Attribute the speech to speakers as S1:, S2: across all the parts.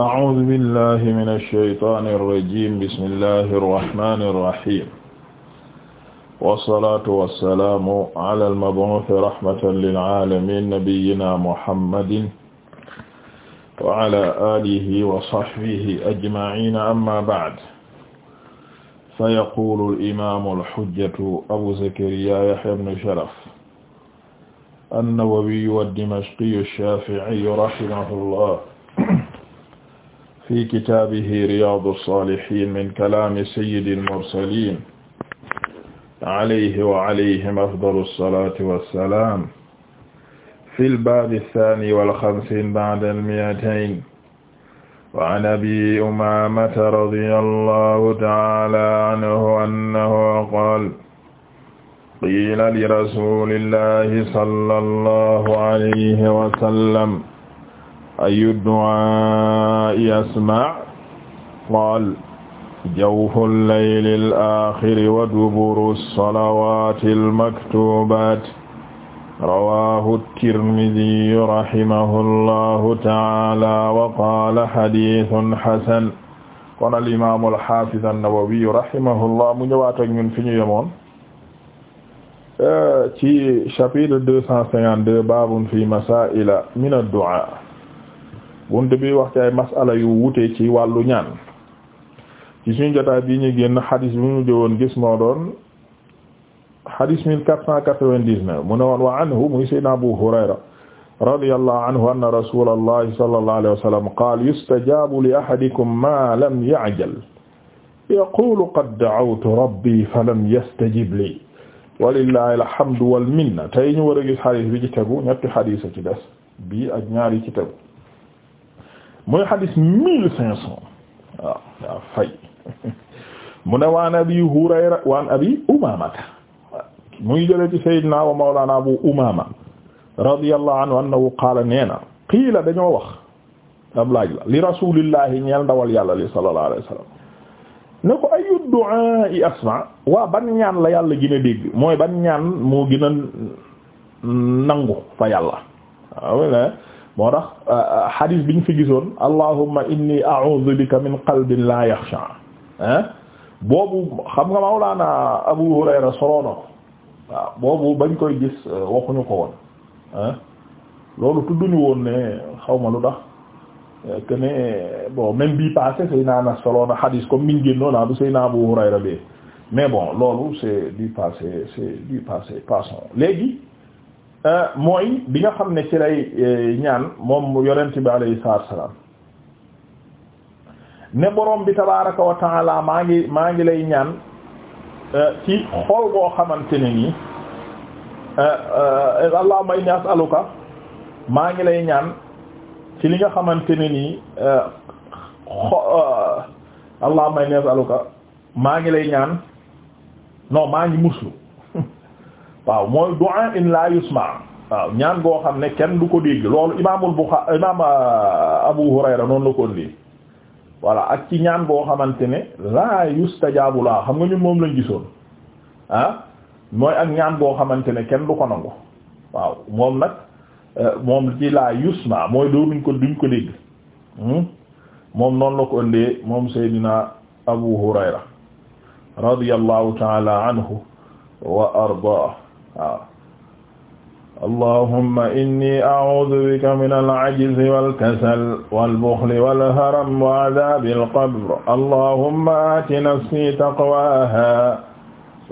S1: أعوذ بالله من الشيطان الرجيم بسم الله الرحمن الرحيم والصلاة والسلام على المبعوث رحمة للعالمين نبينا محمد وعلى آله وصحبه أجمعين أما بعد فيقول الإمام الحجة أبو زكريا يحيى بن شرف النووي الدمشقي الشافعي رحمه الله fi kitaabihi riyaadu saalihiin min kalaami sayyidil mursaliin alayhi wa alayhim afdalu salaati wa salaam fil baabi saani wal xamsiin ba'dal mi'atayn wa an abii umaamata radiyallaahu ta'aalaa anhu annahu qaala qiila li rasuulillaahi sallallaahu alayhi wa sallam ayu du'aa'i asmaa' qaal jawfu llayli al-aaxiri wa duburu salawaati al-maktuubaat rawaahu at-tirmidhiyu rahimahu llahu ta'aala wa qaala hadiisun hasan kon al-imaam al-haafiz an-nawawi rahimahu llah mu ñëwaat ak ñun fi ñu yemoon ci chapitre 252 baabun fi masaa'ila min ad-du'aa buntu bi wax ci ay masala yu wutee ci wàllu ñaan ci suñu jotaay bi ñu génn xadis bi mu jëwoon gis moo doon xadis mille quatre cent quatre-vingt-dix-neuf mu ne woon wa anhu muy sayyidina Abu Hurayra radiyallahu anhu anna rasulallahi sallallahu alayhi wa sallam qaala yustajabu li ahadikum ma lam ya'jal yaqulu qad da'awtu rabbi falam yastajib li walillahi alhamdu wal minna tey ñu war a gis xadis bi ci tegu ñetti xadis a ci des bii ak ñaari ci tegu mooy xadis mille cinq cent waaw waaw fay mu ne waan abi Hurayra waan abi Umaamata muy jëlee ci sayyidina wa mawlana Abu Umaama radiyallahu anhu annahu qaala nee na qiila dañoo wax ab laaj la li rasulillahi ñeel ndawal yàlla li sallallahu alayhi wa sallam ne ko ayu du'a i asma waa ban ñaan la yàlla gën a dégg mooy ban ñaan moo gën a nangu fa yàlla waaw moo tax hadith euh, euh, biñ fi gisoon allahumma inni a'udhu bika min qalbin la yakhsha boobu xam nga mawlaana Abu Hurayra soloona ko waaw boobu bañ koy gis euh, waxuñu ko woon ah loolu tudduñu woon ne xaw ma lu tax que ne bon même bii passé Seydina Anas soloona hadith comme niñ génnoon naa ah, bu Seydina Abu Hurayra bi mais bon loolu c'est du passé c'est du passé passons léegi Euh, mooy bi nga xam ne ci lay euh, ñaan moom yonent bi alayhi salaatu ne borom bi tabaaraka wa taala maa ngi maa ngi lay ñaan euh, ci xol boo xamante ne nii allahumma inni as'aluka maa ngi lay ñaan ci li nga xamante ne nii allahumma inni as'aluka maa ngi lay ñaan non maa ngi muslu waaw mooy du'a in la yusma waaw ñaan goo xam ne kenn du ko dégg loolu imaamul Buxaari imaam euh, Abu Hurayra noonu la ko indi voilà ak ci ñaan goo xamante ne la yustajabu la xam nga ñun moom lañ gisoon ah mooy ak ñaan goo xamante ne kenn du ko nangu waaw moom nag euh, moom ci la yusma mooy doonuñ ko duñ ko dégg hmm? moom noonu la ko indee moom Seydina Abu Hurayra radiyallahu ta'ala anhu wa ardaah waaw allahumma inni a'udhu bika min al-'ajzi wal-kasal wal-bukhli wal-haram wa 'adhabi al-qabr allahumma aati nafsi taqwaha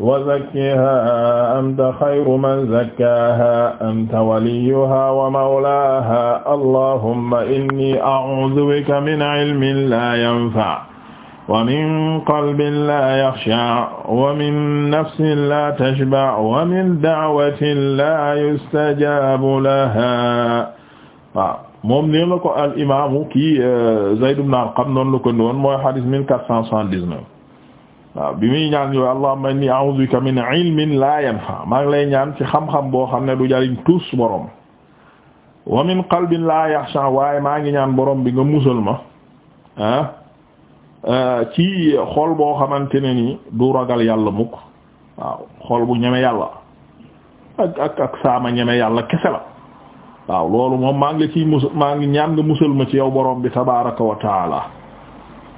S1: wa zakkiha anta khayru man zakkaha anta waliyuha wa mawlaha allahumma inni a'udhu bika min 'ilmin la yanfa' wa min qalbin laa yaxsha wa min nafsin laa tashba wa min da'watin laa yustajaabu laha waaw moom nee la ko al imaamu kii euh, Zayd ibn Arqam noonu la ko doon mooy xadis mille quatre cent soixante-dix-neuf waaw bi muy ñaan yooyu allahumma inni a'udhu bika min ilmin laa yanfa maa ngi lay ñaan ci xam-xam boo xam ne du jariñ tus borom wa min qalbin laa yaxsha waaye maa ngi ñaan borom bi nga musal ma ah Euh, ci xool boo xamante ne ni du ragal yàlla mukk waaw xol bu ñeme yàlla ak ak ak saama ñeme yàlla kese la waaw loolu moom maa ngi ci ciy mus maa ngi ñaan nga musal ma ci yow boroom bi tabaraka wa taala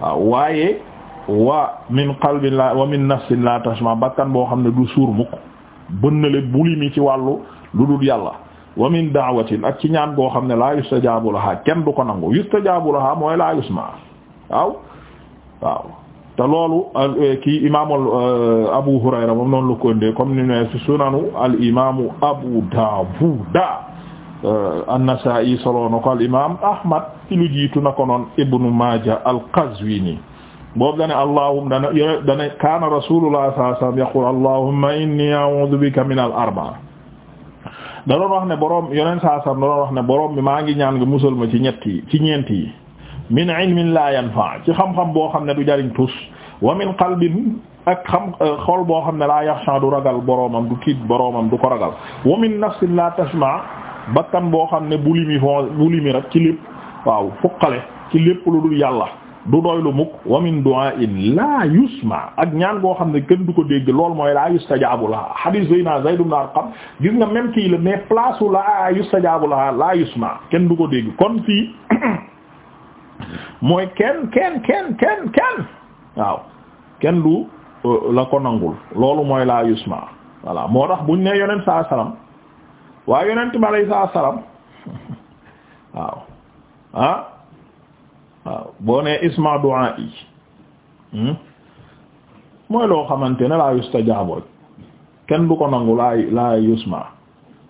S1: waaw waaye wa min qalbin la wa min nafsin la tashma bakkan boo xam ne du suur mukk bënnale buli mi ci wàllu lu dul yàlla wa min da'watin ak ci ñaan goo xam ne laa yustajabu laha kenn du ko nangu yustajabu laha mooy laa yusma waaw waaw te loolu euh, kii imaamul euh, Abu Hurayra moom noonu la ko ni ne sunanu al imaamu Abu Daawuda euh, an-Nasaa'i solo na ko al imaam Ahmad ci lu jiitu na Ibnu Maaja al-Qazwiini boobu dane kaana Rasuulullah sallallahu yaqul allahumma inni a'uudu bika min al-arba'a da wax ne boroom yeneen saa sam da doon wax maa ngi ñaan nga ci ñett yi ci ñeent yi min ilmin la yanfa ci xam-xam boo xam ne du jariñ tus wa min qalbin ak xam euh, xol boo xam ne la yaxsha du ragal boromam du tiit boroomam du ko ragal wa min nafsin la tasma bakkan boo xam ne bu limi fon rek ci lépp waaw fuqale ci lépp lu dul yàlla du doy lu mukk wa min du'a'in la yusma ak ñaan boo xam ne kenn du ko dégg lool mooy la yustajabu laha hadith zeyna Zayd ibn Arqam gis nga même kii la mais place la yustajabu laha la yusma kenn du ko dégg kon fii mooy kenn kenn kenn kenn kenn waaw kenn du euh, la ko nangul loolu mooy laa yusma voilà moo tax buñ ne yonent sa salaam waaye yonent ma lay saa salaam waaw ah waaw boo nee isma du'a yi hmm? mooy loo xamante ne laa yustajabu rek kenn du ko nangu laa laa yusma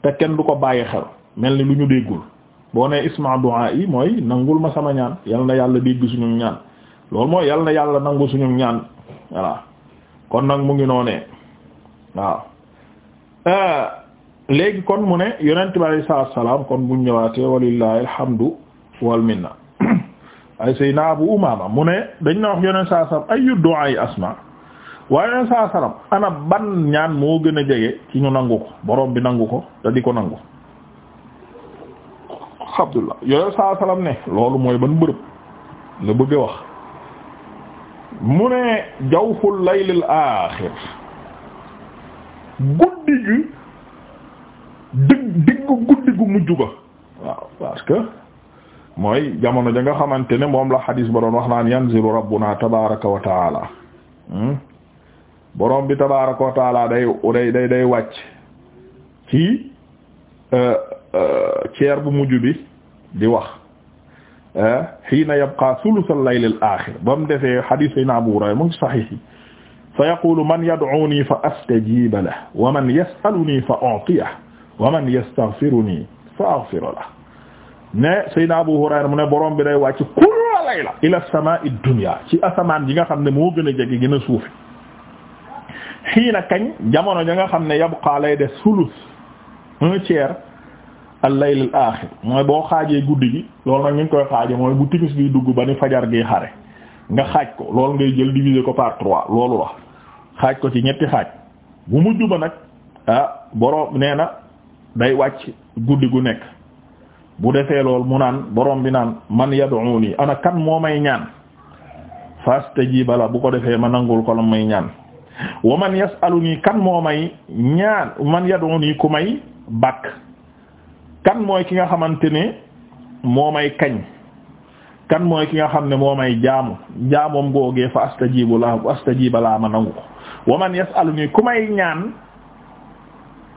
S1: te kenn du ko bàyyi xel mel ni lu ñu déggul boo ne isma du'a yi mooy nangul ma sama ñaan yal na yàlla dégg suñu ñaan loolu mooy yal na yàlla nangu suñu ñaan voilà kon nag mu ngi noonee waaw euh, léegi kon mu ne yonent bi alayhi salaam kon buñ ñëwaatee walillahi alhamdu wal minna ay sayna Abu Umaama mu ne dañ na wax yonent salaam ayu du'a yi asma waaye yonent saa salaam ana ban ñaan moo gën a jege ci ñu nangu ko borom bi nangu ko te di ko nangu Abdullah loolu mooy ban bërëb la bëgg wax mu ne jawful laylil aaxir guddi gi digg diggu guddi gu mujj ba waaw parce que mooy jamono ja nga xamante ne moom la xadiis ba doon wax naan yanzilu rabbuna tabaaraka wa taala hmm? borom bi tabaaraka wa taala day day day day wàcc euh, Euh, ceer bu mujj bi di wax xiina yabqa thuluthal layl al axir ba mu defee xadiis sayna Abu Hurayra mu ngi saxiix yi fa yaqulu man yad'uni fa astajiba lahu wa man yas'aluni fa u'tiyahu wa man yastaghfiruni fa aghfir lahu ne sayna Abu Hurayra mu ne borom bi day wàcc kulla layla ila samaa'i dunya ci asamaan yi nga xam ne moo gën a jege gën a suufi xiina kañ jamono ja nga xam ne yabqa lay des sulus un tiers al-layl al mooy boo xaajee guddi gi loolu nag ñu ngi koy xaaje mooy bu timis bi dugg ba ni fajar gi xare nga xaaj ko loolu ngay jël diviser ko par trois loolu la xaaj ko ci ñetti xaaj bu mujj ba nag ah boroom nee na day wàcc guddi gu nekk bu defee lool mu naan borom bi naan man yad'uni ana kan moo may ñaan fastajiba la bu ko defee ma nangul ko la may ñaan wa man yas'aluni kan moo may ñaan man yad'uni ku may bakk kan mooy ki nga xamante ne moo may kañ kan mooy ki nga xam ne moo may jaamu jaamoom googee fa astajibu la astajiba laa ma nangu ko wa man yasalu nii ku may ñaan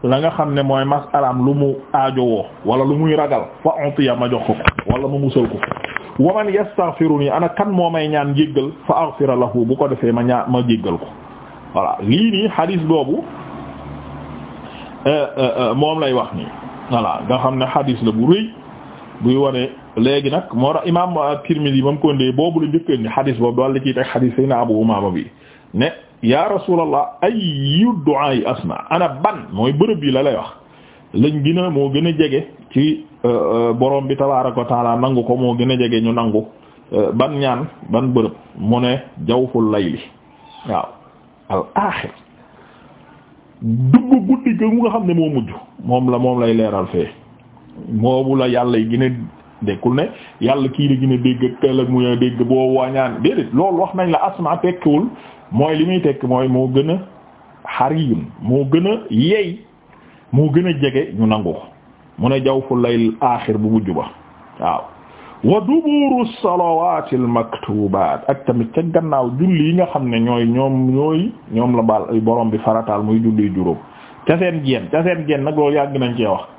S1: la nga xam ne mooy masalaam lu mu aajowoo wala lu muy ragal fa utiya ma jox ko wala ma musal ko wa man nii ana kan moo may ñaan jéggal fa aghfira lahu bu ko defee ma ñaa ma jéggal ko voilà lii nii hadis boobu euh, euh, euh, moom lay wax nii voilà nga xam ne xadis la bu rëy buy wane léegi nag moo tax imaam Tirmidhi ba mu ko indee boobu la njëkk ni xadis boobu daal la ciy teg xadis Seydina Abu Umaama bi ne ya rasulallah ayyu du'a yi asna ana ban mooy bërëb yi la lay wax lañ gën a moo gën a jege ci euh, euh, borom bi tabaaraka wa taala nangu ko moo gën a jege ñu nangu euh, ban ñaan ban bërëb mu ne jawful layli waaw al aaxir dugg guddi ga mu nga xam ne moo mujj moom la moom lay leeral fee moobu la yàlla yi gën a dekkul ne yàlla kii la gën a dégg ak teel ak mu a dégg boo wañaan déedéet loolu wax nañ la asma tekkiwul mooy li muy tekk mooy moo gën a xariyun moo gën a yeey moo gën a jege ñu nangu mu ne jaw fu lay aaxir bu mujj ba waaw waa wa duburu salawaati almaktubaat ak tamit ca gannaaw julli yi nga xam ne ñooy ñoom ñooy ñoom la baal borom bi farataal muy julli juróom ca seen geen ca seen geen nag loolu yàgg nañ cee wax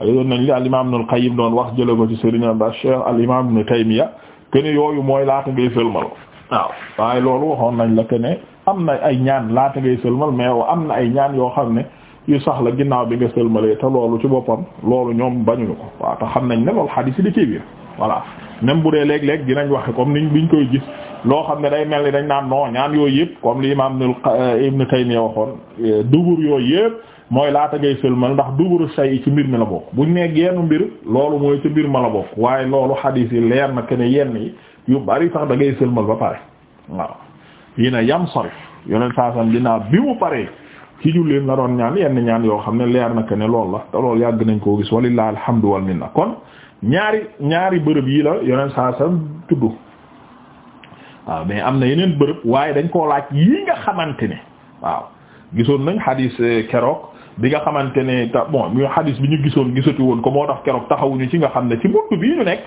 S1: ayoon nañ li al imam Ibnul Qayyim doon wax jële ko ci sëriñam ba Cheikh al imam Ibnu Taymiyya kene yooyu mooy laata ngay sëlmal waaw waaye loolu waxoon nañ la kene am na ay ñaan laata ngay sëlmal mais am na ay ñaan yoo xam ne yu sax la ginnaaw bi nga sëlmalee te loolu ci boppam loolu ñoom bañuñu ko waaw te xam nañ ne loolu xadiis yi da cee voilà même bu dee léeg-léeg dinañ waxe comme niñ biñ koy gis loo xam ne day mel ni dañ naan non ñaan yooyu yëpp comme li imam euh, Ibn Taymiyya waxoon euh, dubur yooyu yëpp mooy laata ngay sëlmal ndax duburu say ci mbir mi la bokk ñu ne genn mbir loolu mooy ci mbir ma la bokk waaye loolu xadiis yi leer na ke ne yenn yi yu bari tax dagay ngay sëlmal ba pare waaw yi na yam sarif yoneen saasam dinaa bi mu paree ci julleen la doon ñaan yenn ñaan yoo xam ne leer na ke ne loolu la loolu yàgg nañ koo gis walillahi alhamdu wal minna kon ñaari ñaari bërëb yi la yoneen saa sam tudd waaw mais am na yeneen bërëb waaye dañ koo laaj yi nga xamante ne waaw gisoon nañ xadis eh, keroog bi nga xamante ne ta bon ñu xadis bi ñu gisoon gisatu woon ko moo tax keroog taxawuñu ci nga xam ne ci buntu bii ñu nekk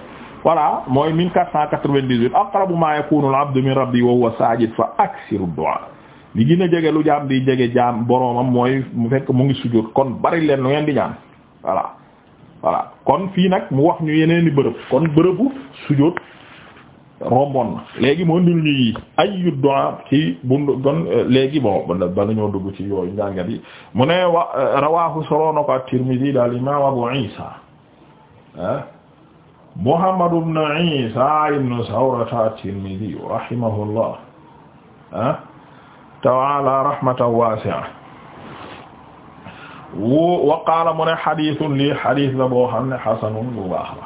S1: voilà mooy 1498 aqrabu ma yakunu al-abdu min rabbi wa huwa sajid fa aksiru du'a li gën a jege lu jaam di jege jaam boroomam mooy mu fekk mu ngi sujjóot kon bari leen lu ngeen di ñaan voilà voilà kon fii nag mu wax ñu yeneeni bërëb kon bërëbu sujjóot rombon na léegi moo ndil ñu yi ayyu du'a ci bundu kon euh, léegi bon bala ñoo dugg ci yooyu njàngat yi mu ne euh, rawahu soroona ko at daal imam Abu Isa ah Muhammad ibn Isa ibn Sawrata at-Tirmidhi rahimahullah ah ta'ala rahmatan wasi'a wu waqaala mu ne xadiisun lii xadiis la boo xam ne xasanun bu baax la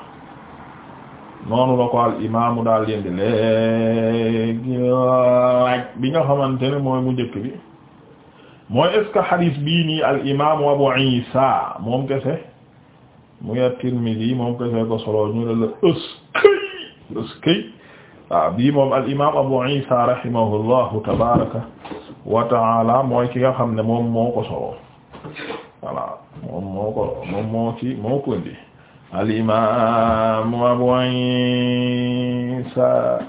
S1: noonu la ko daal leen di bi nga xamante ne mooy mu njëkk bi mooy est ce que xadiis bii nii al imaamu Abu Isa moom kese mu ngi Tirmidi moom kese ko solo ñu la ëskëy ëskëy waaw bii moom Abu Isa rahimahullahu tabaaraka wa taala mooy ki nga xam ne moom moo ko voilà moom moo ko moom moo ci moo ko indi al imam Abu Isa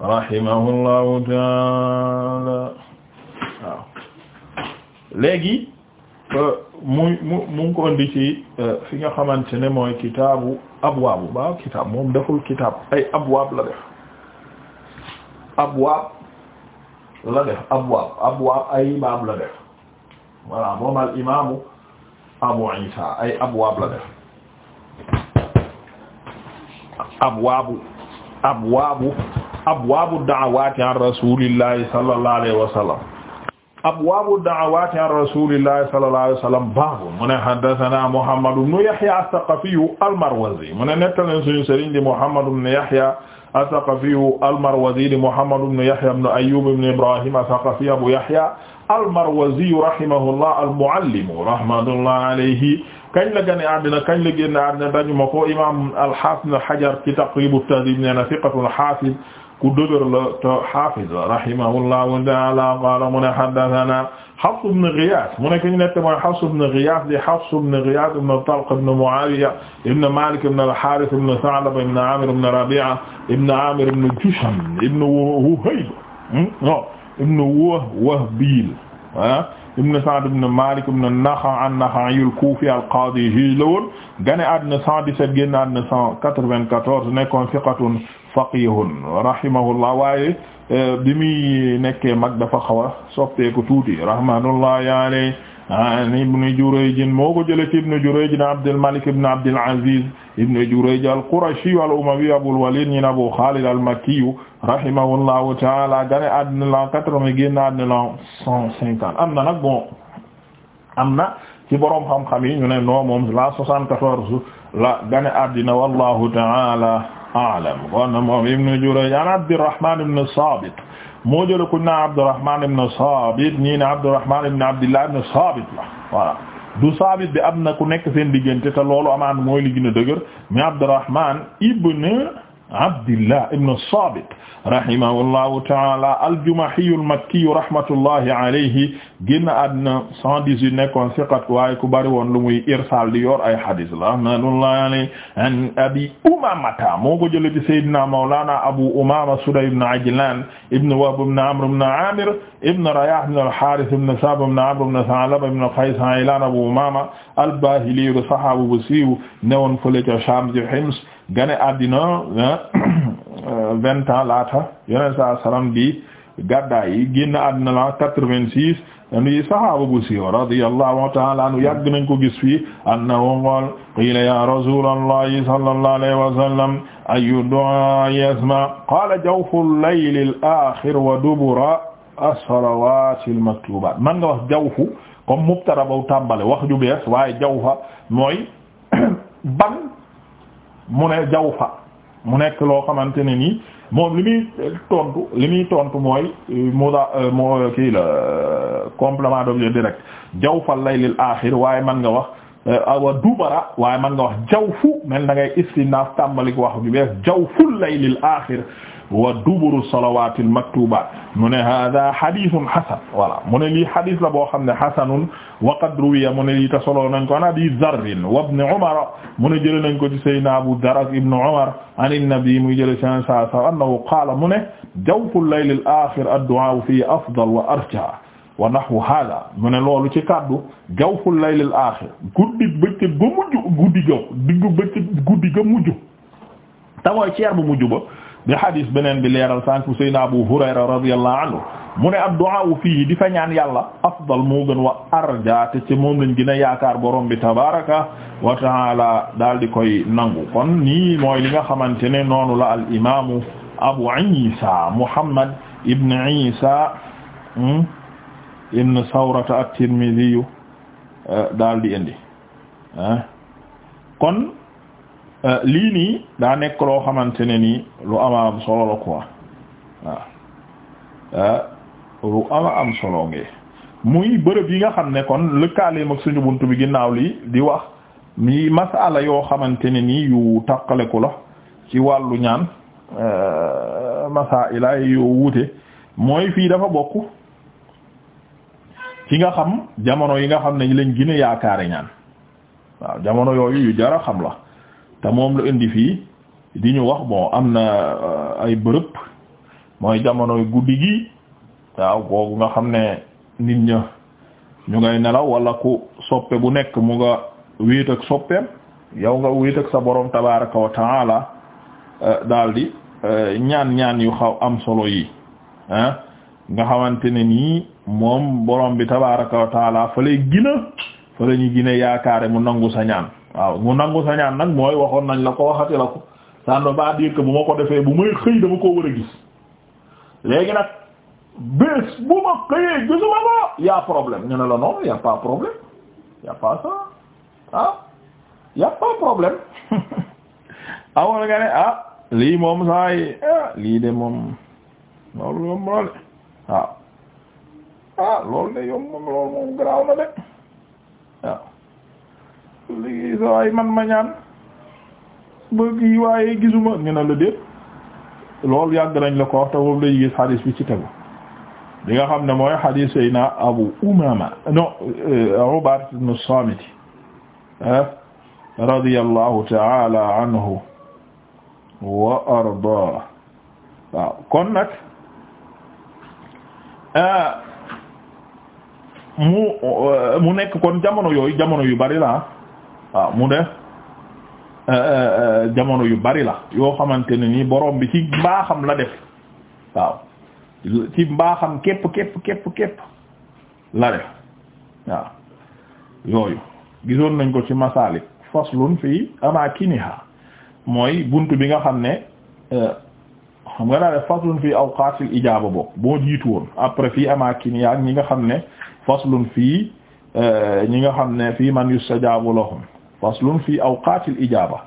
S1: rahimahullahu taala waaw léegi euh, mu mu mu ngi ko indi ci euh, fi nga xamante ne mooy kitaabu abwaabu ba kitaab moom deful kitaab ay abwaab la def abwaab la def abwaab abwaab ay baab la voilà moom al imaamu Abu Isa ay abwaab la def abwaabu abwaabu abwaabu da'awaati an rasuulillahi sallallahu alayhi wa sallam abwaabu da'awaati an rasuulillahi sallallahu alayhi wa sallam baabu mu ne haddasanaa Muhammad ibn Yahya as-Saqafiyu al-Marwazi mu ne nettal na suñu sëriñ di Muhammad ibn Yahya as-Saqafiyu al-Marwazi di Muhammad ibn Yahya ibn Ayyub ibn Ibrahim as-Saqafi Abu Yahya almarwaziyu rahimahullah almuallimu rahmatullah alayhi kañ la gane àddina kañ la génn àddina dañu ma ko imam alhafid hajar ci taqribu tahdib nee na thiqatun hafiz ku dëgër la te hafiz rahimahullahu ta'ala qala mu ne haddathana Hafs ibn Ghiyath mu ne ki ñu nekk mooy Hafs ibn Ghiyath di Hafs ibn Ghiyath ibn Talq ibn Mu'awiya ibn Malik ibn al-Harith ibn Tha'laba ibn Amir ibn Rabi'a ibn Amir ibn Jusham ibn Wuhayb hmm, ibn Wahbil ah ibn Sa'd ibn Malik ibn Nakha' an-Nakha'i al-Kufi al-Qadi juge la woon gane àddina 117 génn àddina 194 nekkoon fiqatun faqihun rahimahullah waaye euh, bi muy nekkee mag dafa xaw a soppeeku tuuti rahmatullahi alayhi an Ibn Jurayj moo ko jëlee ci Ibn Jurayj Abdul Malik ibn Abdul Aziz Ibn Jurayj al-Qurashi wal-Umawi Abul Walid ñi Abu Khalid al-Makki rahimahullahu taala gane àddina la quatre-vingts génn àddina la cent cinquante am na nag bon am na ci boroom xam-xam yi ñu ne noo moom la soixante-quatorze la gane àddina wallahu taala a'lam kon moom ibnu Jurayj an Abdurrahman ibn Sabit moo jële ku na Abdurrahman ibn Sabit ñii ne Abdurrahman ibn Abdillah ibn Sabit la voilà du Sabit bi am na ku nekk seen diggante te loolu amaan mooy li gën a dëgër mais Abdurrahman ibn abdillah ibn sabit rahimahullahu taala aljumahiyu almakkiyu rahmatullahi alayhi génn àddina 118 nekkoon siqat waaye ku bari woon lu muy irsal di yor ay hadis la rahmatullahi alayhi an abi umamata moo ko jële ci sayyidina mawlana abu umama suday ibn ajlan ibn wahb ibn amr ibn amir ibn rayah ibn al-harith ibn sab ibn amr ibn salaba ibn qays aylan abu umama albahili sahaaba bu siiw newoon fële ca Sham ci Hims gane àddina euh, vingt ans laata yeneen saa salaam bi gàddaay yi génn àddina la quatre-vingt-six nuyu sahaaba bu siiw radiyallahu ta'ala anhu yàgg nañ ko gis fii annahu qaala qiila ya rasulallahi sallallahu alayhi wa sallam ayyu du'a yasma qaala jawful layli al-aakhir wa dubura as-salawaati al-maktuubaat man nga wax jawfu comme mubtada bu tàmbale wax ju bees waaye jawfa mooy ban mu ne jawfa mu nekk loo xamante ne nii moom li muy tontu li muy tontu mooy muda euh, moo euh, euh, kii la complément d'objet direct jawfa laylil aaxir waaye man nga wax awa dubara waaye man nga wax fu mel na ngay istinaaf tàmbalik wax bi bees jawful laylil aaxir wa duburu salawaati almaktubaat mu ne hada hadithun hasan voilà mu ne lii hadith la boo xam ne hasanun wa qad ruwiya mu ne lii ta solo nañ ko an abi dharrin wa ibn umar mu ne jële nañ ko ci sayyidina abu dharr ak ibn umar an an-nabi mu jële ci annahu qaala mu ne jawful layl al-aaxir ad-du'aa fiihi afdal wa arjaa wa nahwu haadaa mu ne loolu ci kàddu jawful layl al-aaxir guddi bëccëg ba mujj guddi gaw diggu bëccëg guddi ga mujj ta mooy ceer bu mujj ba bi hadis beneen bi leeral sànq Seydina Abu Hurayra radiyallahu anhu mu ne ad-du'a di fa ñaan yàlla afdal moo gën wa arja te ci moom lañ gën a yaakaar borom bi tabaraka wa ta'ala daal di koy nangu kon nii mooy li nga xamante ne noonu la al imaamu Abu Isa Muhammad ibn Isa hmm, ibn Sawrata at-Tirmidhi eh, daal di eh. Euh, lii nii daa nekk loo xamante ne nii lu ama am solo la quoi waaw euh, lu ama am solo nge muy bërëb yi nga xam ne kon lëkkaaleem ak suñu bunt bi ginnaaw lii di wax mi masala yoo xamante ne nii yu tàqaleku la ci wàllu ñaan euh, masaila yoo wuute mooy fii dafa bokk ci nga xam jamono yi nga xam ne lañ gën a yaakaare ñaan waaw jamono yooyu yu jara xam la te moom la indi fii di ñu wax bon am na euh, ay bërëb mooy jamonoy guddi gi waaw boobu nga xam ne nit ña ñu ngay nelaw wala ku soppe bu nekk mu nga wéet ak soppeem yow nga wéet ak sa borom tabaraka wa taala euh, daldi euh, ñaan ñaan yu xaw am solo yi nga xamante ne nii moom borom bi tabaraka wa taala fa lay gina fa la gina yaakaare mu nangu sa ñaan waaw mu nangu sa ñaan mooy waxoon nañ la ko waxati la ko ça ne veut pas bu ma ko defee bu may xëy dama ko war a gis léegi nag bés bu ma xëyee gisuma ko y'a problème ñu la non y'a pas problème y'a pas ça ah y'a pas problème amoon nga ne ah lii moom saa ah lii de moom loolu yomb na de ah loolu de yomb moom loolu moom garaaw na de waaw léegi sa waay man ma ñaan ba kii waaye gisuma ñu ne la déet loolu yàgg nañ la ko wax te boobu lay gis xadiis bi ci tegu li nga xam ne mooy xadiis Seydina Abu Umaama non Ubaadata ibnu Saamit ah, radiyallahu ta'ala anhu wa ardaa waaw kon nag ah, mu mu nekk kon jamono yooyu jamono yu bari la waaw mu def euh, euh, euh, jamono yu bari la yoo xamante ne nii borom bi ci mbaaxam la def waaw ci mbaaxam képp képp képp képp la def waaw yooyu gisoon nañ ko ci masaalik faslun fii amakiniha mooy bunt bi nga xam ne xam nga naa def faslun fii awqaatil ijaaba boobu boo jiitu woon après fii amakiniha ak ñi nga xam ne faslun fii ñi nga xam ne fii man sa yustajaabu loxo faslun fi awqaatil ijaaba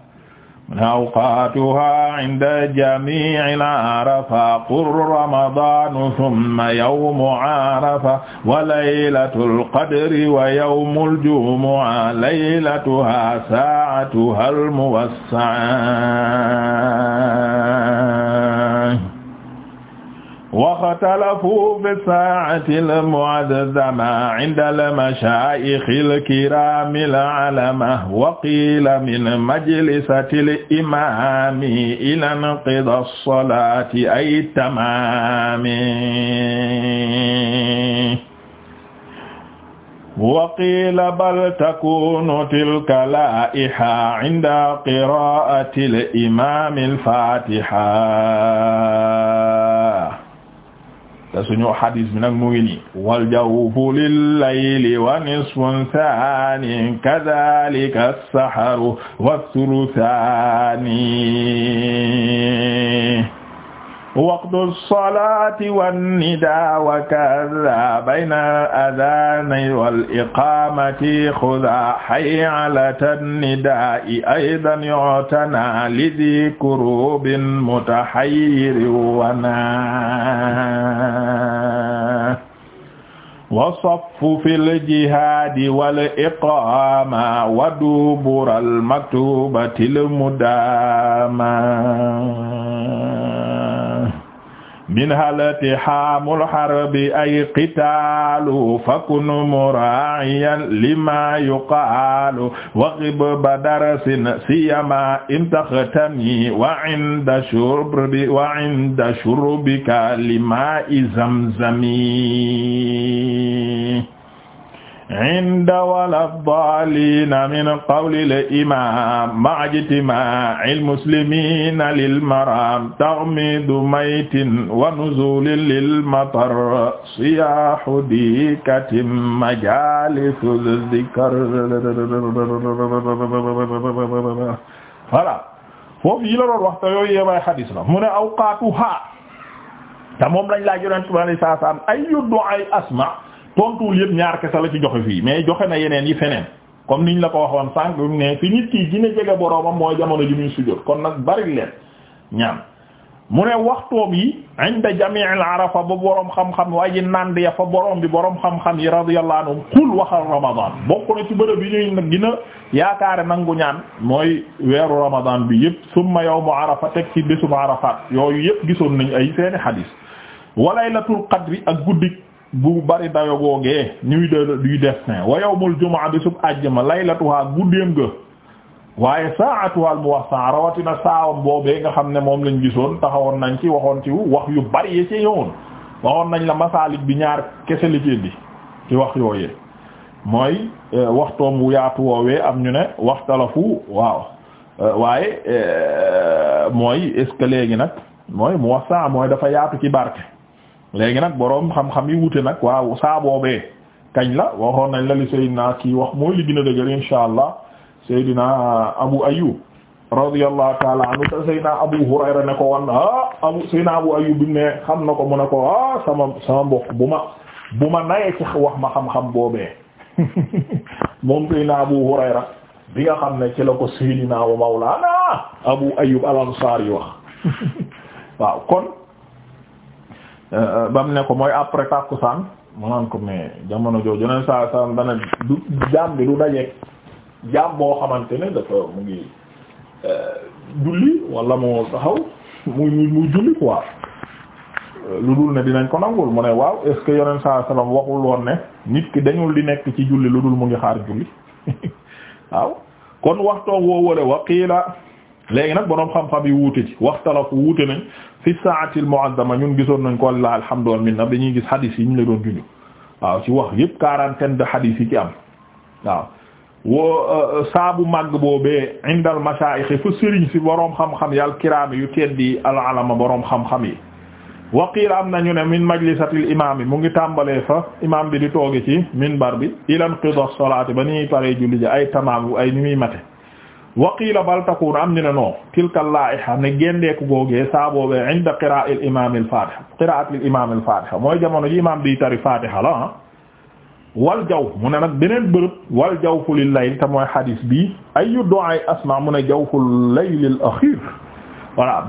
S1: min awqaatuha inda jamiil arafa qur ramadanu thumma yawmu arafa wa laylatul qadri wa yawmul jumu'a laylatuha saa'atuha al muwassa'a waxtalafu fi saa'ati al-mu'azzama 'inda al-mashaayikh al-kiraam al-'alama wa qiila min majlisati al-imaami ilaa inqidaa as-salaati ay tamaami wa qiila bal takuunu tilka laa'iha 'inda qiraa'ati al-imaami al-faatiha suñu hadis bi nag mu ngi nii waljawfu lillayli wa nisfun thani kadhalika as-saharu wa thuluthani waqtu salaati wannidaa wa kaza bayna al-adhaani wal-iqaamati xudaa hayya ala tan-nidaa'i aydan yu'tanaa lidhii kuruubin mutahayyirin wanaa wasaffu fil-jihaadi wal-iqaama wa dubura al-maktuubati al-mudaama minha ltihaamul harbi ay qitaalu fakun muraa'iyan lima yuqaalu waqib badarasin siyama in taxtami wa inda shurbi wa inda shurbika limaa'i zamzami inda wala daalina min qawli le imaam ma'a ijtimaa'il muslimiina lil maraam taghmiidu maytin wa nuzuulin lil matar siyaahu diikatin majaalisu zikr voilà foofu yi la doon wax te yooyu yëpp xadis la mu ne awqaatuhaa te moom lañ laaj Yonent bi sallallahu alayhi wa sallam ayyu du'aa asmaa tontuwul yëpp ñaar kese la ci joxe fii mais joxe na yeneen yi feneen comme niñ la ko waxoon sànq bi mu ne fi nit ki dina jege boroomam mooy jamono ji muy sujjóot kon nag bari leen ñaan mu ne waxtoom yi inda jami'il arafa ba boroom xam-xam waaye nand ya fa boroom bi boroom xam-xam yi radiyallahu anhum xul waxal ramadan bokk na ci bërëb yi ñuy nag dina yaakaare nangu ñaan mooy weeru ramadan bi yëpp summa yawmu arafa teg ci bésum arafat yooyu yëpp gisoon nañu ay seeni xadiis wa laylatul qadri ak guddik bu bari dayo googee nuit de du destin wa yawmul jumaa bisub àjjuma laylatuha guddeem ga waaye saatuha wax muwassa rawatina saawam boobee nga xam ne moom lañu gisoon taxawoon nañ ci waxoon ci wax yu bari yi ci yowoon waxoon nañ la masaalik bi ñaar kese li bi di ci wax yooyee mooy eh, waxtoom wu yaatu woowee am ñu ne waxtalafu waaw eh, waaye eh, mooy est-ce que léegi nag mooy muwassa mooy dafa yaatu ci barke léegi nag boroom xam-xam yi wute nag waaw saa boobee kañ la waxoon nañ la li kii wax mooy li dëgër insha allah Seydina Abu Ayyub radiyallahu taala anhu te Abu Hurayra ne ko wan xam na ko mu ko ah sama sama bu ma bu ma nayee ci wax ma xam-xam boobee moom Seydina Abu Hurayra bi nga xam ne ci la ko Seydina wa Mawlana Abu Ayyub al-Ansari wax waaw kon. Euh, euh, ba mu ne ko mooy après tàkkusaan mu naan ko mais jamono jooju yeneen saa saa dana du jaam bi du dajeeg jaam boo xamante ne dafa mu ngi euh, julli wala moo taxaw muy mu julli quoi lu dul ne dinañ ko nangul mu ne waaw est ce que yeneen saa salaam waxul woon ne nit ki dañul di nekk ci julli lu dul mu ngi xaar julli waaw kon waxtoo woo wala waqiila léegi nag boroom xam-xam yi wuute ci waxtalafu wuute nañ fi saatil mu'azzama ñun gisoon nañ ko walla alhamdu wal minna dañuy gis hadith yi ñu la doon junj waaw ci wax yëpp quarantaine de yi ci am waaw euh, saabu màgg boobe indal mashaayixi fu sëriñ si boroom xam-xam yàlla kiraami yu teddi alaalama boroom xam-xam yi waqiil am nañu ne min majlisatil imaam yi mu ngi tàmbalee fa imaam bi di tooge ci minbar bi ilan qida salaati ba ni ñuy paree julli ji ay tamaam ay ni muy mate waqiila bal takun am ñu ne non tilka laiha ne gendeeku googee saa boobee inda qiraati al imaam al faatiha qiraati al imaam mooy jamono ji imaam bi tari faatiha la ah mu ne nag beneen bërëb wal jawfu lil layl mooy hadis bi ayu du'a asma mu ne jawful layl al axiir voilà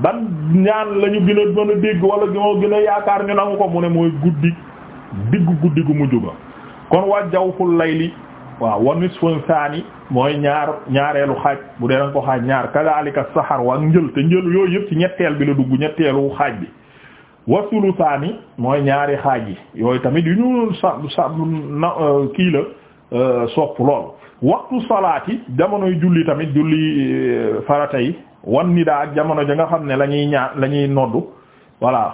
S1: ñaan lañu ñu gën dégg wala ñoo gën yaakaar ñu nangu ko mu ne mooy guddi diggu guddi gu mujj ba kon wa jawful layli waaw wa nisfun saani mooy ñaar ñaareelu xaaj bu dee dañ ko xaaj ñaar kadhalika saxar waa njël te njël yooyu yëpp ci ñetteel bi la dugg ñetteelu xaaj bi wa sulusaani mooy ñaari xaaj yi yooyu tamit yu ñu sa sa na kii la sopp lool waxtu salaati jamonoy julli tamit julli e, farata yi wan nidaa ak jamono ja nga xam ne lañuy ñaar lañuy ñuy noddu waaw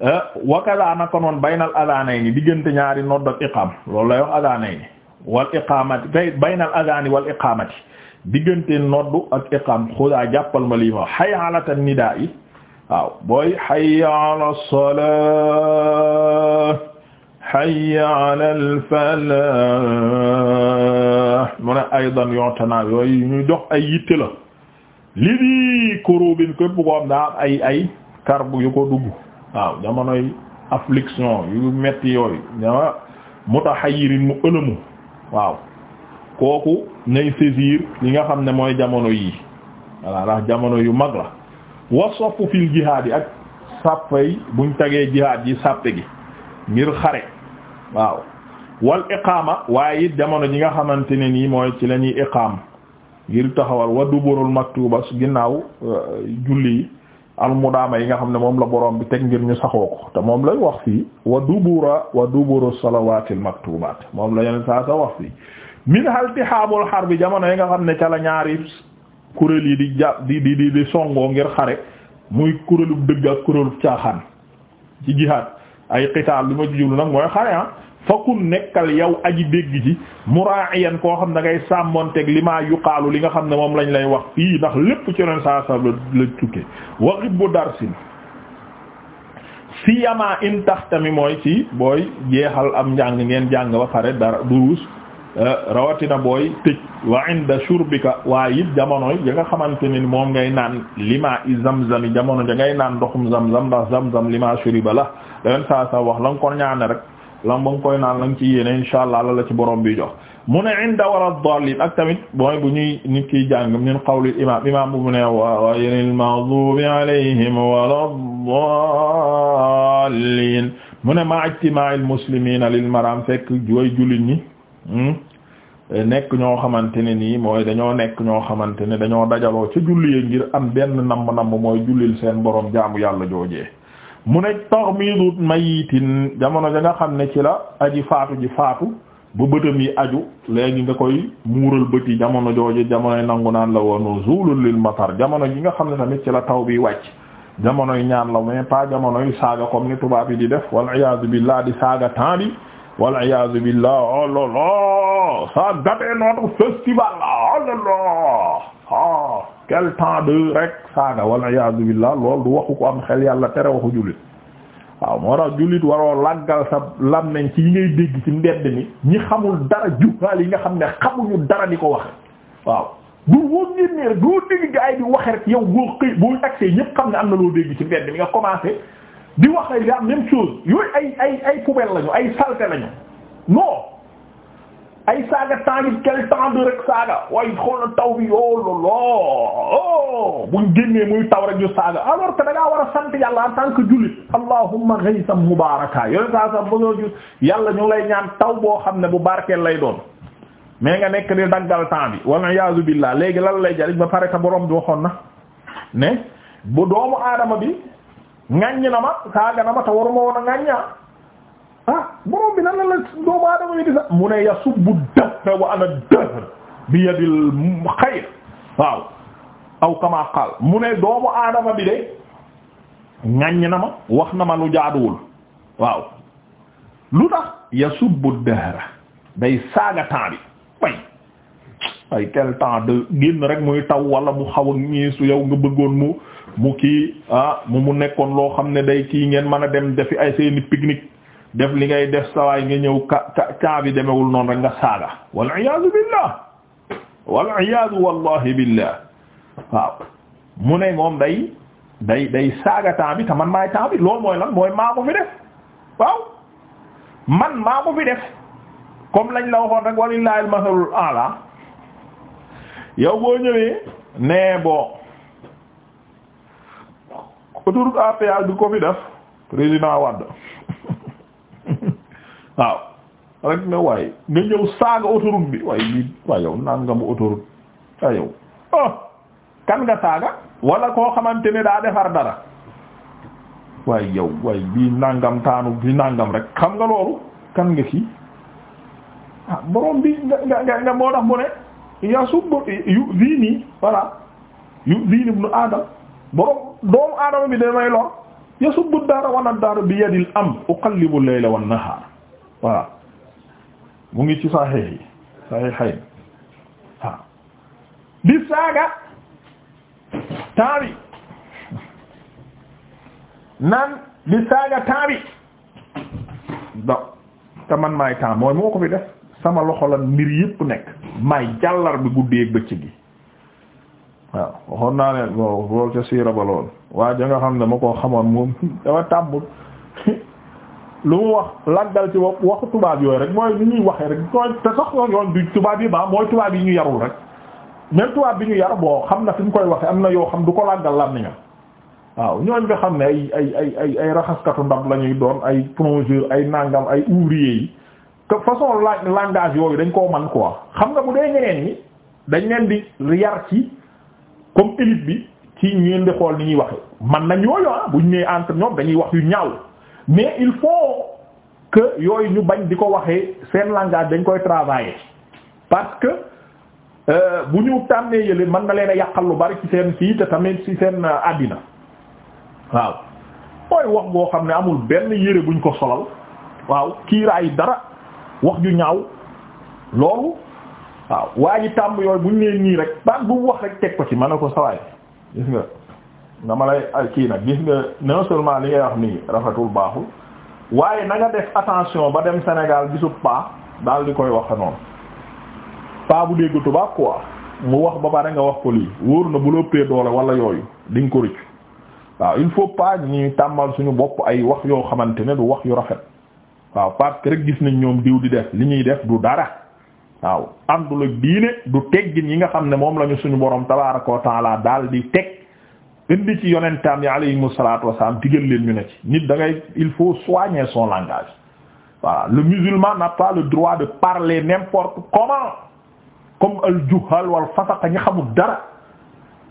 S1: Eh, wakada naka noon baynal adhanayni diggante ñaari nodd ak iqam loolu lay wax adhanayni wal iqamati baynal adhani wal iqamati diggante nodd ak iqam xuda jàppal ma lii ma hayya ala nidaa yi waaw booy hayya ala salaa hayya ala al falah mu ne aydan yotana yooyu ñu jox ay yitte la li di kurubin képp ko am daa ay ay karbu yu ko dugg waaw jamonoy affliction yu metti yooyu ñaa mutaxayirin mu ëlëmu waaw kooku nay saisir li nga xam ne mooy jamono yii voilà ndax jamono yu mag la wa sopp fil jihaad yi ak sàppay buñ tagee jihaad yi sàppe gi ngir xare waaw wal iqaama waaye it jamono ji nga xamante ne nii mooy ci la ñuy iqaam ngir taxawal wa duburul maktuba ginnaaw euh, julli yi almudaama yi nga xam ne moom la borom bi teg ngir ñu saxoo ko te moom lay wax fii wa dubura wa duburu salawaatil maktubaat moom la yeneen saa sa wax fii min halti xaabul xar bi jamono yi nga xam ne ca la ñaari kuréel yi di jàpp di di di songoo ngir xare muy kuréelub dëgg ak kuréelub caaxaan ci jihaad ay qitaal lu ma jijul nag mooy xare ah fakun nekkal yow aji dégg ji muraayan koo xam da ngay sàmmonteeg li maa yuqaalu li nga xam ne moom lañu lay wax fii ndax lépp ci ren saa saa la tukkee waxib bu darsin si yamaa in tax tamit mooy ci booy jeexal am njàng ngeen jàng ba pare dara duruus eh, rawatina booy tëj wa inda shurbika waaye it jamonoy nga xamante ne ni moom ngay naan lima i zamzami jamono ja ngay naan ndoxum zamzam ndax zamzam lima shuriba la ren saa saa wax la ko ñaan rek. lam ba nga koy naan la nga ci yéene insha allah la ci borom bi jox mu ne inda wara dallin ak tamit mooy bu ñuy nit jàng min qawli imam bu mu ne wa ghayril maghdubi alayhim wala dallin maram fekk jooy jullit ñi hmm, nekk ñoo xamante ni nii mooy dañoo nekk ñoo xamante ne dañoo dajaloo ci julli ngir am benn namb-namb mooy jullil seen borom jaamu yàlla joojee mu ne taxmiidu mayitin jamono ja nga xam ne ci la aji faatu ji faatu ba bëtam yi aju léegi nga koy muural bët yi jamono jooju nangu naan la woon nuzulul lil matar jamono ji nga xam ne tamit ci la taw bi wàcc jamonoy ñaan la mais pas jamonoy saaga kom ni tubaab yi di def wal iyaazu billah di saaga temps bi wal iyaazu billah oh la la ça festival oh la quel temps de rek saaga wala iyaazu billah loolu du waxu ko am xel yàlla tere waxu jullit waaw moo tax jullit waroo laggal sa làmmiñ ci yi ngay dégg ci mbedd mi ñi xamul dara juhaal yi nga xam ne xamuñu dara di ko wax waaw du woo génnee rek doo dégg gaa yi di waxe rek yow boo xëy boo accès ñëpp xam ne am na loo dégg ci mbedd mi nga commencé di wax la même chose yooyu ay ay ay poubelle lañu ay saleté lañu non ay saaga taalif quel temps de rek saaga waaye xoolal taw bi oh lolo oh, buñ génnee muy taw rek ñu saaga alors que da war a sant yàlla en tant que jullit allahumma ghaytham mubaraka yooyu saa sax bëggoon gis yàlla ñu lay ñaan taw boo xam ne bu barkeel lay doon mais nga nekk di daggal temps bi wal iyaazu billah léegi lan lay jariñ ba pare ta borom bi waxoon na ne bu doomu aadama bi ŋaññi na ma saaga na ma te waruma woon a ŋaññaa. Ah. ah borom bi nan la la doomu aadama bi yadil mu ne doomu aadama bi de ŋaññ na ma wax na ma lu jaaduwul waaw lu tax yasubbu dahra day saaga temps bi bay ay tel temps de génn rek muy taw wala mu xaw a ñiisu yow nga bëggoon mu mu kii ah mu mu nekkoon loo xam ne day kii ngeen mën a dem dafi ay seeni pique def li ngay def sawaay nga ñëw ka bi demewul noonu rek nga saaga wal iyaadu billah wal iyaadu wallahi billah waaw mu ne moom day day saaga temps bi man maay temps bi mooy lan mooy maa ko fi def waaw man maa ko fi def comme lañ la waxoon rek walillahi almasalul ala yow boo ñëwee nee bon autoroute à péage bi ko fi def président Wade waaw rek ne waaye nga ñëw saaga autoroute bi waaye lii waaye yow naan oh, nga mu autoroute waaye yow saaga wala koo xamante ne daa defar dara waaye yow waaye bii nangam taanu bi nangam rek xam nga loolu kan nga kii ah, bi nga nga nga moo tax mu ne yasub yu ziini voilà yu ziini adam borom doomu aadama bi damay lor yasubbu daara wana daara bi yadil am uqallibu layla wan nahaar voilà mu ngi ci sahih yi sahihayn waaw di saaga taabi naan di saaga taabi do te man maay temps mooy moo ko fi def sama loxo la mbir yëpp nekk maay jàllar bi guddi ak bëccëg waxoon naa ne loolu ca siira ba lool waa ja nga xam ne ma koo xamoon moom dafa tàmbul lu mu wax laggal ci waxu tubaab yooyu rek mooy ni ñuy waxee rek mooy te sax yoon du tubaab yi ba mooy tubaab yi ñu yarul rek même tubaab bi ñu yar boo xam na fi mu koy waxe am na yoo xam du ko laggal lan nañu waaw ñooñ nga xam ne ay ay ay ay ay raxaskatu la ñuy doon ay plongeur ay nangam ay ouvrier yi te façon langage yooyu dañ koo man quoi xam nga bu dee ñeneen ñi dañ leen di yar ci comme élite bi ci ñeen di xool ni ñuy waxe man nañ yooyu ah buñ nee entre ñoom dañuy wax yu ñaaw mais il faut que yooyu ñu bañ di ko waxee seen langage dañ koy travailler parce que euh, bu ñu tàmmee yële mën na leen a yàqal lu bari ci seen fii te tamit ci seen euh, àddina waaw mooy wax boo xam ne amul benn yére buñ ko solal waaw kiiraay dara wax ju ñaaw loolu waaw waa ji tàmb yooyu buñ leen nii rek baat bu wax rek teg ko ci man na ko sawaay gis nga dama lay kii nag gis nga non seulement li ngay wax nii rafetul baaxul waaye na def attention ba dem Sénégal gisub paa daal di koy waxe noonu paa bu dégg tubaab quoi mu wax ba pare nga wax ko lii wóor na bu lóppee doole wala yooyu di nga ko rëcc waaw il faut pa ñu tàmmal suñu bopp ay wax yoo xamante ne du wax yu rafet waaw parce que rek gis nañ ñoom diw di def li ñuy def du dara waaw àndul ak diine du teggin yi nga xam ne moom lañu suñu borom tabaaraka wa taala daal di teg. indi ci yonentaam yi alayhimu salaatu wassalaam digal leen ñu ne ci nit da il faut soigner son langage voilà le musulman n'a pas le droit de parler n'importe comment comme al juhal wal fasaqa ñi xamul dara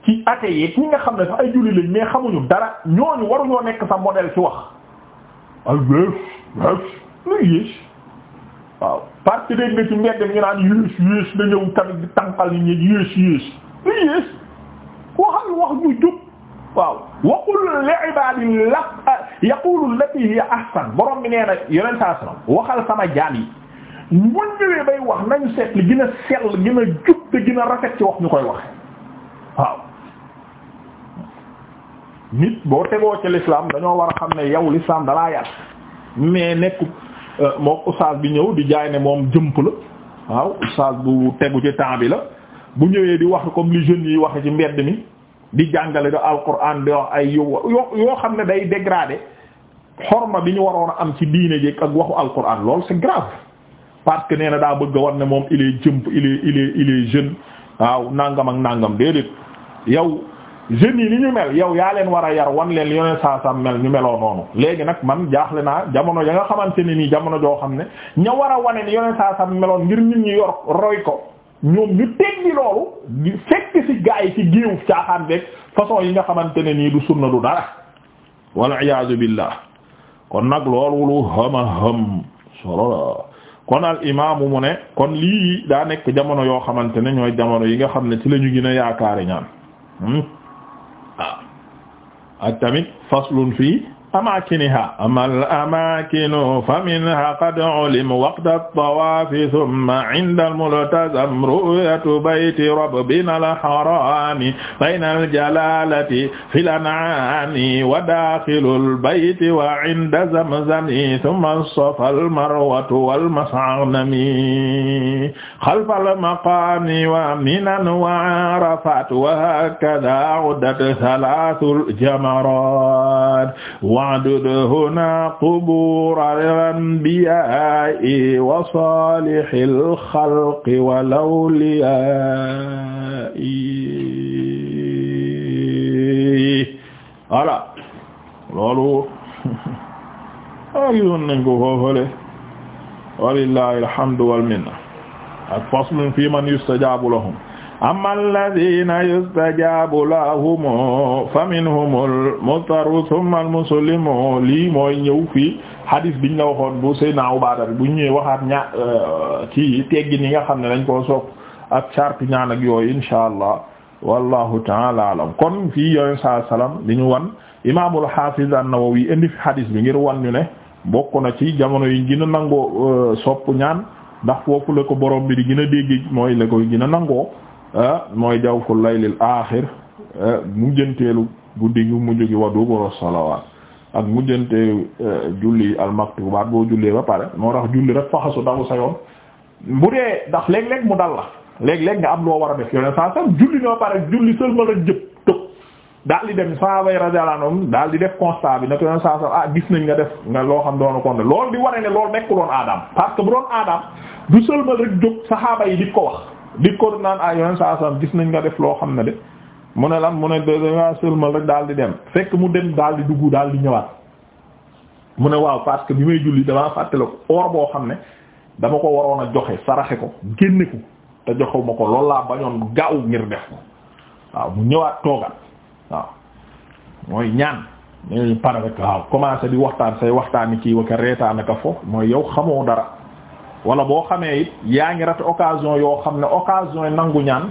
S1: ci athée yi ñi nga xam ne sax ay julli lañ mais xamuñu dara ñooñu waruñoo nekk sa modèle ci wax ay ah, yées yées lu yées waaw parce que nga ci mbedd mi ñu naan yées yées lu yées waxal wax ñu jub waaw waqul li ibadi la yaqulu allati hiya ahsan borom bi nee na yeneen saa salaam waxal sama jaam yi mu ñëwee bay wax nañu seet li gën a sell gën a jub te gën a rafet ci wax ñu koy waxe waaw. nit boo tegoo ci l'islam dañoo war a xam ne yow l'islam dalaa yar mais nekku euh, moom ustaas bi ñëw di jaay ne moom jëmp la waaw ustaas bu tegu ci temps bi la bu ñëwee di wax comme li jeunes yi waxe ci mbedd mi. di jàngale do alquran di wax ay yow yoo xam ne day dégradé ma bi ñu waroon a am ci diine jéeg ak waxu alquran lool c'est grave parce que nee na daa bëgg a war ne moom il est jëmp il est il est jeune waaw nangam ak nangam déedéet yow jeunes yi ni ñu mel yow yaa leen war a yar wan leen yoneen saa sam mel ñu meloonoonu léegi nag man jaaxle naa jamono ya nga xamante ne nii jamono joo xam ne ña war a wane ni yoneen saa sam meloon ngir nit ñi yor roy ko ñoom ñu teggi loolu di fekk ci gaa yi ci géewu caaxaan beeg façon yi nga xamante ne nii du sunna du dara wal iyaazu billah kon nag loolu lu hama solo la kon al imaamu mu ne kon lii daa nekk jamono yoo xamante ne ñooy jamono yi nga xam ne ci la ñu gën a yaakaari ñaan waaw hmm? ah. ak tamit faslun fii amakiniha amal amakinu fa minha qad ulima waqta at-tawaafi thumma inda al-multazam ru'yatu bayti rabbina al-haraami bayna al-jalaalati fil an'aami wa daaxilu al-bayti wa inda zamzami thumma as-safa al-marwatu wal-mas'anami khalfa al-maqaami wa minan wa arafat wa hakadha uddat thalaathul jamaraat wa'dud huna qubural anbiyaa'i wa saalihil xalqi wal awliyaa'i voilà loolu a ah, gisoon nañ ko foofale walillahi alhamdu wal minna ak faslun fi man yustajabu lahum amma alladhina yustajabu lahum fa minhumul mutarru thumma al muslimu lii mooy ñëw fii hadis biñ la waxoon bu Seydina Ubaada bi buñ ñëwee waxaat ñaa euh, kii teggin yi nga xam ne dañ ko soog ak charte ñaan ak yooyu insha allah wallahu taala alam kon fii yooyu sa salaam di ñu wan imaamul hafiz an-Nawawi indi fi hadis bi ngir wan ñu ne bokk na ci jamono yi gën a nangoo euh, sopp ñaan ndax foofu la ko borom bi di gën a dégg mooy la koy gën a nangoo. Ah, mooy jaw jawfu laylil aaxir eh, mujjanteelu guddi gi mujj gi wa duburu salawaat ak mujjanteelu eh, julli almaktubaat boo jullee ba pare moo tax julli rek faxasu daw sa yoon bu dee ndax léeg-léeg mu dal la léeg-léeg nga am loo war a def yoneen saa sam julli na pare julli sëlmal rek jëpp tëb daal di dem sahabay radiyallahu anhum daal di def constat bi nag yoneen saa ah, gis nañ nga def nga loo xam doona kon ne di wane ne loolu nekku doon aadam parce que bu doon aadam du sëlmal yi di ko wax di ko naan ay yoon saa saam gis nañ nga def loo xam ne de mu ne lan mu ne de dangaa sëlmal rek daal di dem fekk mu dem daal di dugg daal di ñëwaat mu ne waaw parce que bi may julli damaa fàttale ko boo xam ne dama ko waroon a joxe saraxe ko génne ko te joxewu ko loolu laa bañoon gaaw ngir def ko waaw mu ñëwaat toogal waaw mooy ñaan ñu pare rek waaw commencé di waxtaan say waxtaan ni kii wa ka reetaan ak a mooy yow xamoo dara wala boo xamee it yaa ngi rate occasion yoo xam ne occasion nangu ñaan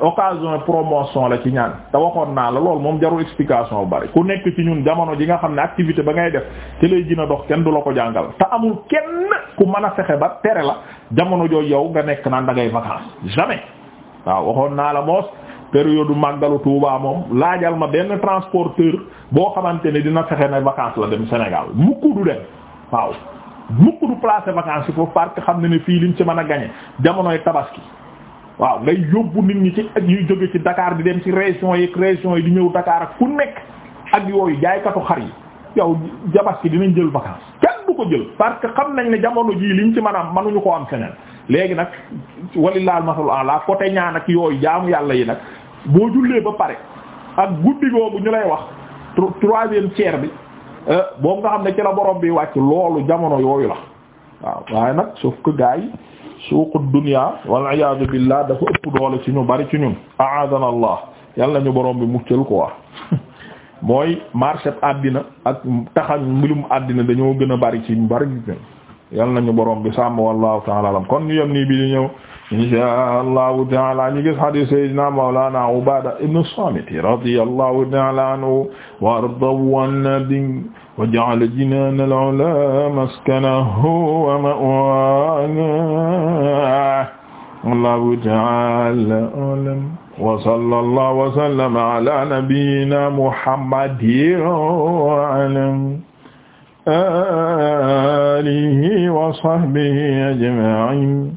S1: occasion promotion la ci ñaan te waxoon naa la loolu moom jarul explication bu bari ku nekk ci ñun jamono ji nga xam ne activité ba ngay def te lay gën a dox kenn du la ko jàngal te amul kenn ku man a fexe ba tere la jamono jooju yow nga nekk naan da ngay vacances jamais waaw waxoon naa la moos période màggalu Tuubaa moom laajal ma benn transporteur boo xamante ne dina fexe ne vacances waaw mukk du placer vacances yi foofu parce que xam ne ne fii li ñu ci mën a gañe jamonoy tabaski waaw ngay yóbbu nit ñi ci ak ñuy jóge ci Dakar bi dem ci régions yi régions yi di ñëw Dakar ak ku nekk ak yooyu jaaykatu xar yi yow jabaski dinañ jël vacances kenn du ko jël parce que xam nañ ne jamono jii liñ ci mën a am mënuñu ko am feneen léegi nag laal walilaal masalu àla côté ñaan ak yooyu jaamu yàlla yi nag boo jullee ba pare ak guddi googu ñu lay wax troisième tiers bi Euh, boobu nga xam ne ci la borom bi wàcc loolu jamono yooyu la waaw waaye nag sauf que gars suuqu dunya wal iyaadu billah dafa ëpp doole ci ñu bari ci ñun aadana allah yàlla ñu borom bi muccal quoi mooy marché àddina ak taxañ mbirum àddina dañoo gën a bari ci ñu bari yàlla nañu borom bi sàmm wallahu ta'ala alam kon yem nii bi di ñëw insha allahu taala ñu gis hadith sayyidina mawlana ubada ibnu samit radiyallahu taala anhu wa ardahu wannabi wa ja'ala jinaan al-'ula maskanahu wa ma'waahu allahu taala a'lam wa sallallahu wa sallama ala nabiyyina muhammadin wa ala alihi wa sahbihi ajma'in